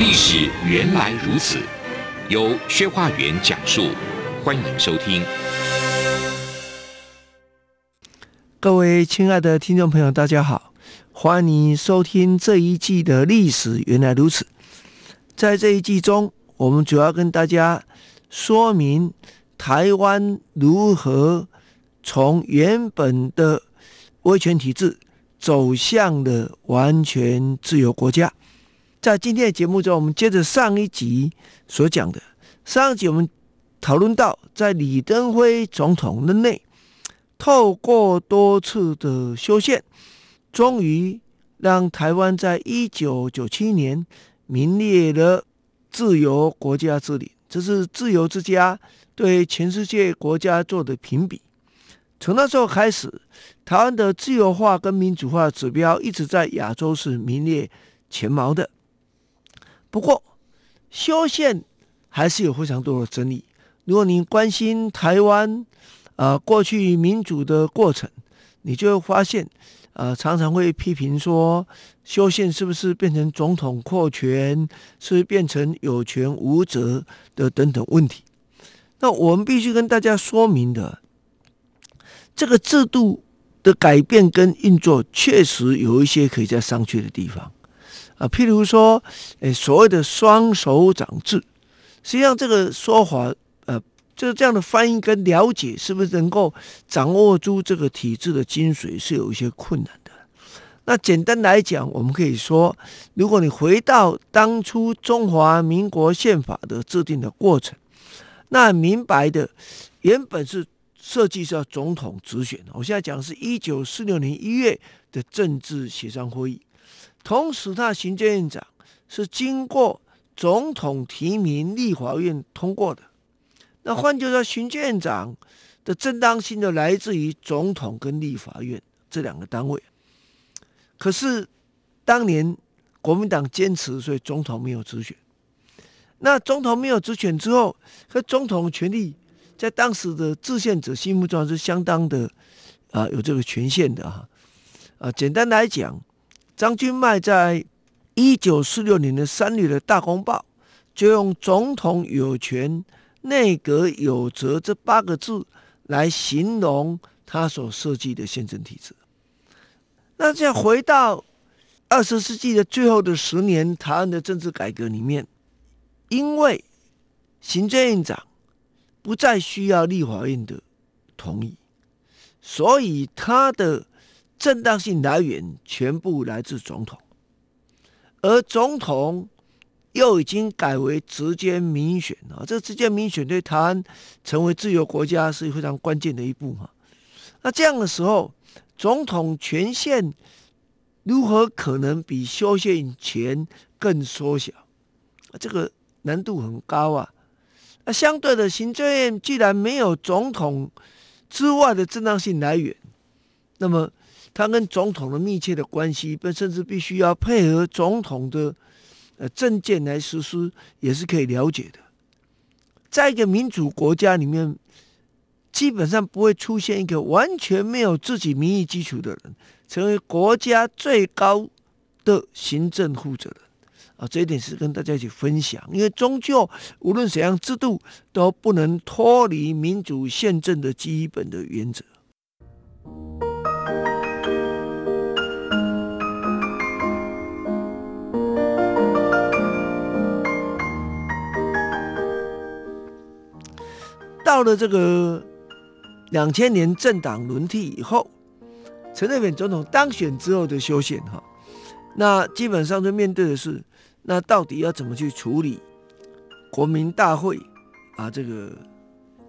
歷史原來如此，由薛化元講述，歡迎收聽。各位親愛的聽眾朋友，大家好，歡迎你收聽這一季的歷史原來如此。在這一季中，我們主要跟大家說明台灣如何從原本的威權體制走向了完全自由國家。在今天的節目中，我們接着上一集所講的。上一集我們討論到，在李登輝總統任內，透過多次的修憲，終於讓台灣在一九九七年名列了自由國家之林。這是自由之家對全世界國家做的評比。從那時候開始，台灣的自由化跟民主化指標一直在亞洲是名列前茅的。不過，修憲還是有非常多的爭議。如果你關心台灣，啊、呃，過去民主的過程，你就會發現，啊、呃，常常會批評說，修憲是不是變成總統擴權，是，是變成有權無責的等等問題。那我們必須跟大家說明的，這個制度的改變跟運作，確實有一些可以再商榷的地方。啊，譬如說，呃、欸，所謂的“雙首長制”，實際上這個說法，呃，就是這樣的翻譯跟了解，是不是能夠掌握住這個體制的精髓，是有一些困難的。那簡單來講，我們可以說，如果你回到當初中華民國憲法的制定的過程，那明白的，原本是設計是要總統直選的。我現在講的是一九四六年一月的政治協商會議。同時，他的行政院長是經過總統提名、立法院通過的。那換句話說，行政院長的正當性就來自於總統跟立法院這兩個單位。可是，當年國民黨堅持，所以總統沒有直選。那總統沒有直選之後，和總統權力在當時的制憲者心目中是相當的啊，有這個權限的哈啊，簡單來講。張君邁在一九四六年的三月的大公報，就用“總統有權，內閣有責”這八個字來形容他所設計的憲政體制。那這樣回到二十世紀的最後的十年，台灣的政治改革裡面，因為行政院長不再需要立法院的同意，所以他的。正當性來源全部來自總統，而總統又已經改為直接民選啊！這個直接民選對台灣成為自由國家是非常關鍵的一步嘛。那這樣的時候，總統權限如何可能比修憲前更縮小？啊，這個難度很高啊！那相對的，行政院既然沒有總統之外的正當性來源，那麼他跟總統的密切的關係，甚至必須要配合總統的呃政見來實施，也是可以了解的。在一個民主國家裡面，基本上不會出現一個完全沒有自己民意基礎的人，成為國家最高的行政負責人啊，這一點是跟大家一起分享。因為終究無論怎樣制度，都不能脫離民主憲政的基本的原則。到了這個兩千年政黨輪替以後，陳水扁總統當選之後的修憲哈，那基本上就面對的是，那到底要怎麼去處理國民大會啊這個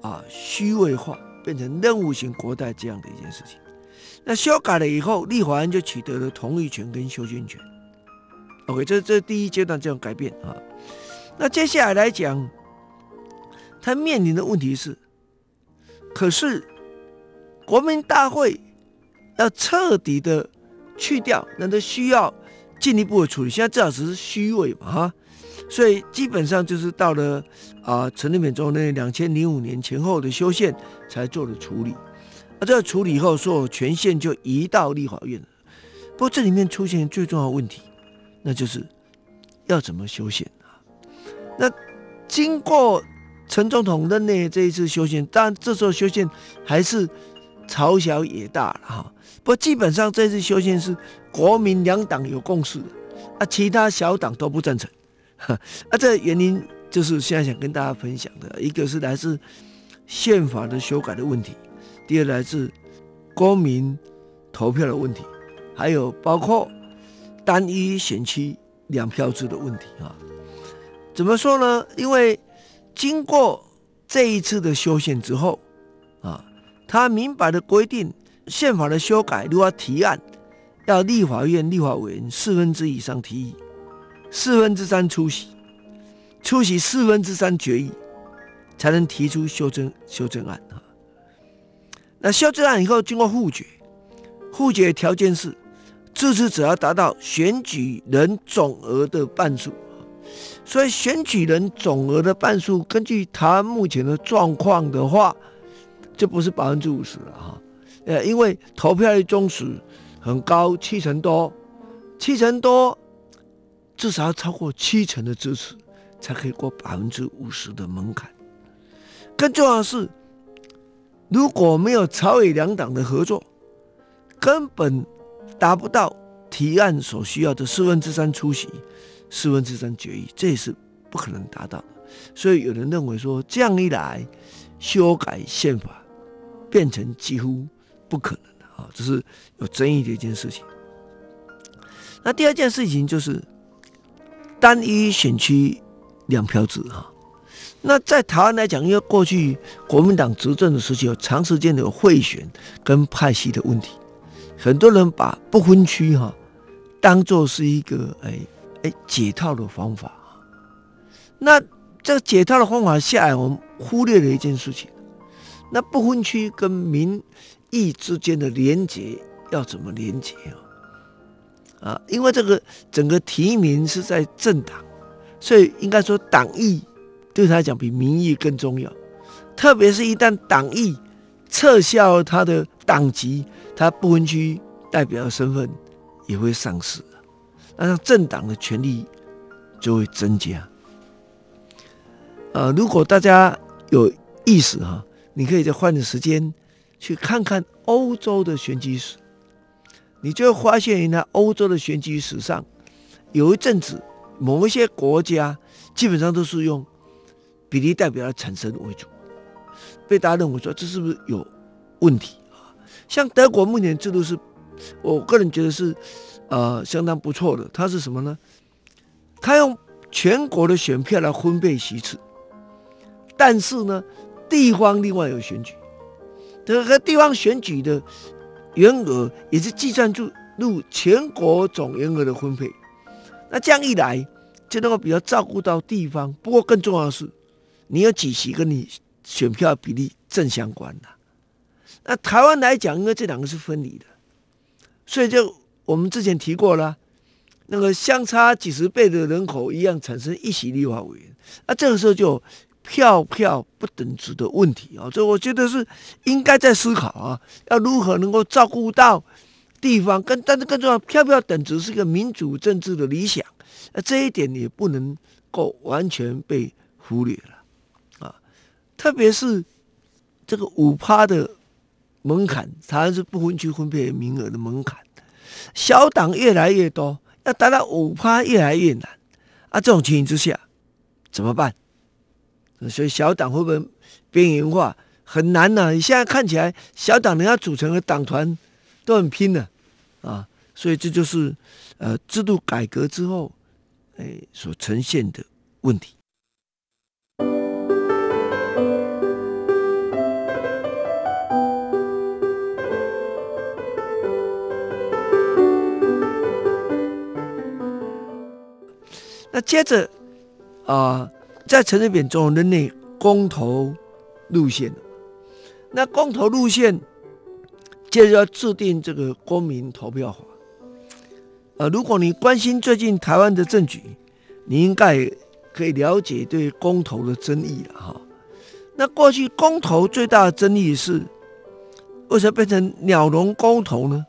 啊虛位化，變成任務型國代這樣的一件事情，那修改了以後，立法院就取得了同意權跟修憲權。OK，這這第一階段這種改變啊，那接下來來講。他面臨的問題是，可是國民大會要徹底的去掉，那都需要進一步的處理。現在至少只是虛位嘛，哈，所以基本上就是到了啊，陳、呃、立民之那兩千零五年前後的修憲才做了處理。啊，這個處理以後，所有權限就移到立法院了。不過這裡面出現最重要的問題，那就是要怎麼修憲啊？那經過。陳總統任內這一次修憲，但這時候修憲還是朝小野大了哈。不，基本上這次修憲是國民兩黨有共識的啊，其他小黨都不贊成。那、啊、這原因就是現在想跟大家分享的，一個是來自憲法的修改的問題，第二來自公民投票的問題，還有包括單一選區兩票制的問題啊。怎麼說呢？因為經過這一次的修憲之後，啊，他明白的規定，憲法的修改，如果要提案，要立法院立法委員四分之一以上提議，四分之三出席，出席四分之三決議，才能提出修正修正案。啊。那修正案以後經過複決，複決的條件是支持者要達到選舉人總額的半數。所以，選舉人總額的半數，根據台灣目前的狀況的話，就不是百分之五十了哈。呃，因為投票率忠實很高，七成多，七成多，至少要超過七成的支持，才可以過百分之五十的門檻。更重要的是，如果沒有朝野兩黨的合作，根本達不到提案所需要的四分之三出席。四分之三決議，這也是不可能達到的，所以有人認為說，這樣一來，修改憲法變成幾乎不可能的啊、哦，這是有爭議的一件事情。那第二件事情就是單一選區兩票制哈、哦，那在台灣來講，因為過去國民黨執政的時期，有長時間的賄選跟派系的問題，很多人把不分區哈、哦，當做是一個哎。欸哎，解套的方法，那這個解套的方法下來，我們忽略了一件事情，那不分區跟民意之間的連結要怎麼連結啊？啊，因為這個整個提名是在政黨，所以應該說黨意對他來講比民意更重要，特別是一旦黨意撤銷他的黨籍，他不分區代表的身份也會喪失。那政黨的權力就會增加。呃，如果大家有意思哈、啊，你可以再換點時間去看看歐洲的選舉史，你就會發現，原來歐洲的選舉史上有一陣子，某一些國家基本上都是用比例代表的產生為主，被大家認為說這是不是有問題啊？像德國目前制度是，我個人覺得是。呃，相當不錯的。它是什麼呢？它用全國的選票來分配席次，但是呢，地方另外有選舉，這個地方選舉的員額也是計算住入全國總員額的分配。那這樣一來就能夠比較照顧到地方。不過更重要的是，你有幾席跟你選票的比例正相關的，啊。那台灣來講，因為這兩個是分離的，所以就。我們之前提過了，那個相差幾十倍的人口一樣產生一席立法委員，那、啊、這個時候就票票不等值的問題啊，所以我覺得是應該在思考啊，要如何能夠照顧到地方，更但是更重要，票票等值是一個民主政治的理想，那、啊、這一點也不能夠完全被忽略了啊，特別是這個五趴的門檻，它是不分區分配名額的門檻。小黨越來越多，要達到五趴越來越難啊！這種情形之下怎麼辦？所以小黨會不會邊緣化很難呢、啊？你現在看起來，小黨人家組成的黨團都很拼的啊,啊！所以這就是呃制度改革之後，誒、呃、所呈現的問題。接着，啊、呃，在陳水扁總統任內公投路線，那公投路線接着要制定這個公民投票法。呃，如果你關心最近台灣的政局，你應該可以了解對公投的爭議了哈。那過去公投最大的爭議是，為什麼變成鳥籠公投呢？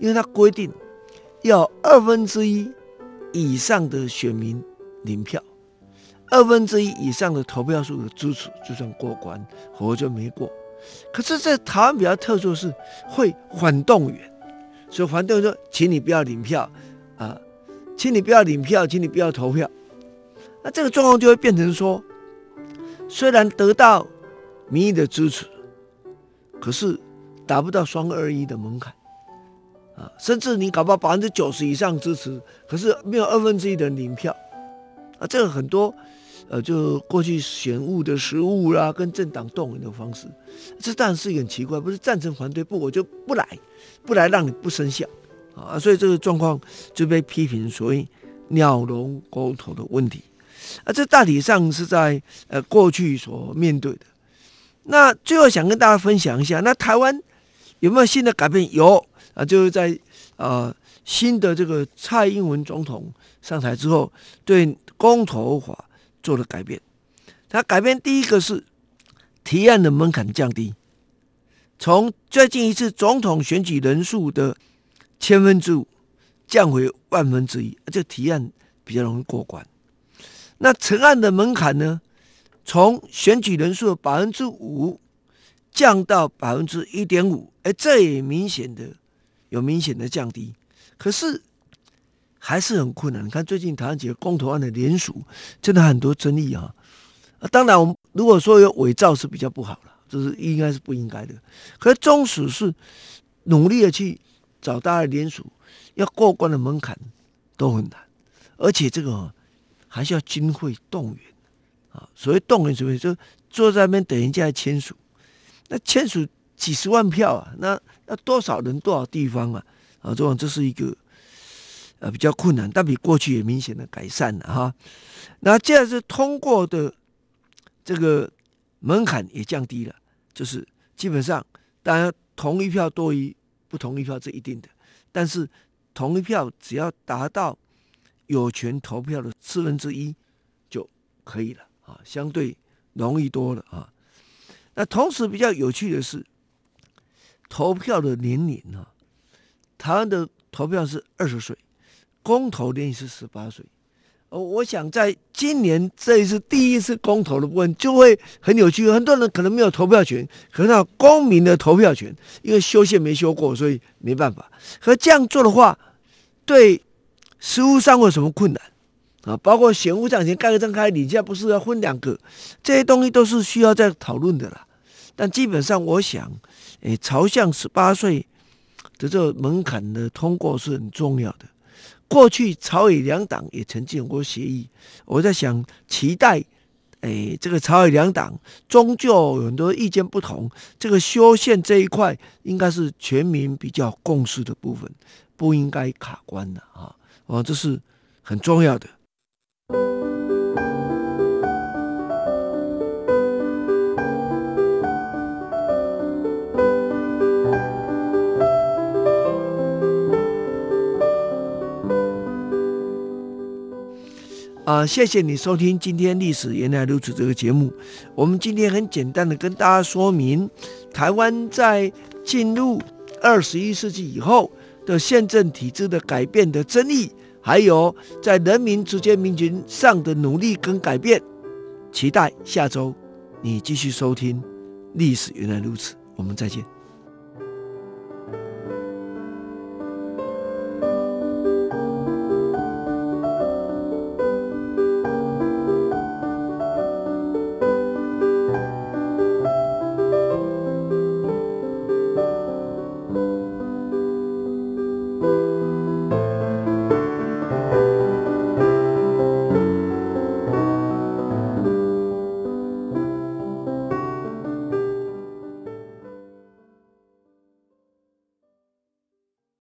因為它規定要二分之一以上的選民。領票，二分之一以上的投票數的支持就算過關，否則沒過。可是，在台灣比較特殊的是會反動員，所以反動員說：“請你不要領票，啊，請你不要領票，請你不要投票。”那這個狀況就會變成說，雖然得到民意的支持，可是達不到雙二一的門檻，啊，甚至你搞不到百分之九十以上支持，可是沒有二分之一的領票。啊，這個很多，呃，就過去選務的實務啦，跟政黨動員的方式，這當然是很奇怪，不是贊成反對，不，我就不來，不來讓你不生效，啊，所以這個狀況就被批評所謂鳥籠公投的問題，啊，這大體上是在呃過去所面對的。那最後想跟大家分享一下，那台灣有沒有新的改變？有啊，就是在呃新的這個蔡英文總統上臺之後對。公投法做了改變，它改變第一個是提案的門檻降低，從最近一次總統選舉人數的千分之五降回萬分之一，這個提案比較容易過關。那成案的門檻呢，從選舉人數的百分之五降到百分之一點五，哎、欸，這也明顯的有明顯的降低，可是。還是很困難。你看最近台灣幾個公投案的聯署，真的很多爭議啊。啊當然，我們如果說有偽造是比較不好了，這、就是應該是不應該的。可縱使是努力的去找大家的聯署，要過關的門檻都很難，而且這個、啊、還是要經會動員啊。所謂動員什麼，就坐在那邊等人家來簽署。那簽署幾十萬票啊，那那多少人多少地方啊？啊，這種這是一個。呃，比較困難，但比過去也明顯的改善了哈。那既然是通過的，這個門檻也降低了，就是基本上，當然同一票多於不同一票是一定的，但是同一票只要達到有權投票的四分之一就可以了啊，相對容易多了啊。那同時比較有趣的是，投票的年齡啊，台灣的投票是二十歲。公投年是十八歲，哦，我想在今年這一次第一次公投的部分就會很有趣。很多人可能沒有投票權，可能是公民的投票權，因為修憲沒修過，所以沒辦法。可這樣做的話，對實務上會有什麼困難啊？包括選務上，先蓋個章開，你現在不是要分兩個，這些東西都是需要再討論的啦。但基本上，我想，誒、欸，朝向十八歲的這個門檻的通過是很重要的。過去朝野兩黨也曾經有過協議，我在想，期待，誒、哎，這個朝野兩黨終究有很多意見不同，這個修憲這一塊應該是全民比較共識的部分，不應該卡關的啊，哦，這是很重要的。啊、呃，謝謝你收聽今天《歷史原來如此》這個節目。我們今天很簡單的跟大家說明，台灣在進入二十一世紀以後的憲政體制的改變的爭議，還有在人民直接民權上的努力跟改變。期待下周你繼續收聽《歷史原來如此》，我們再見。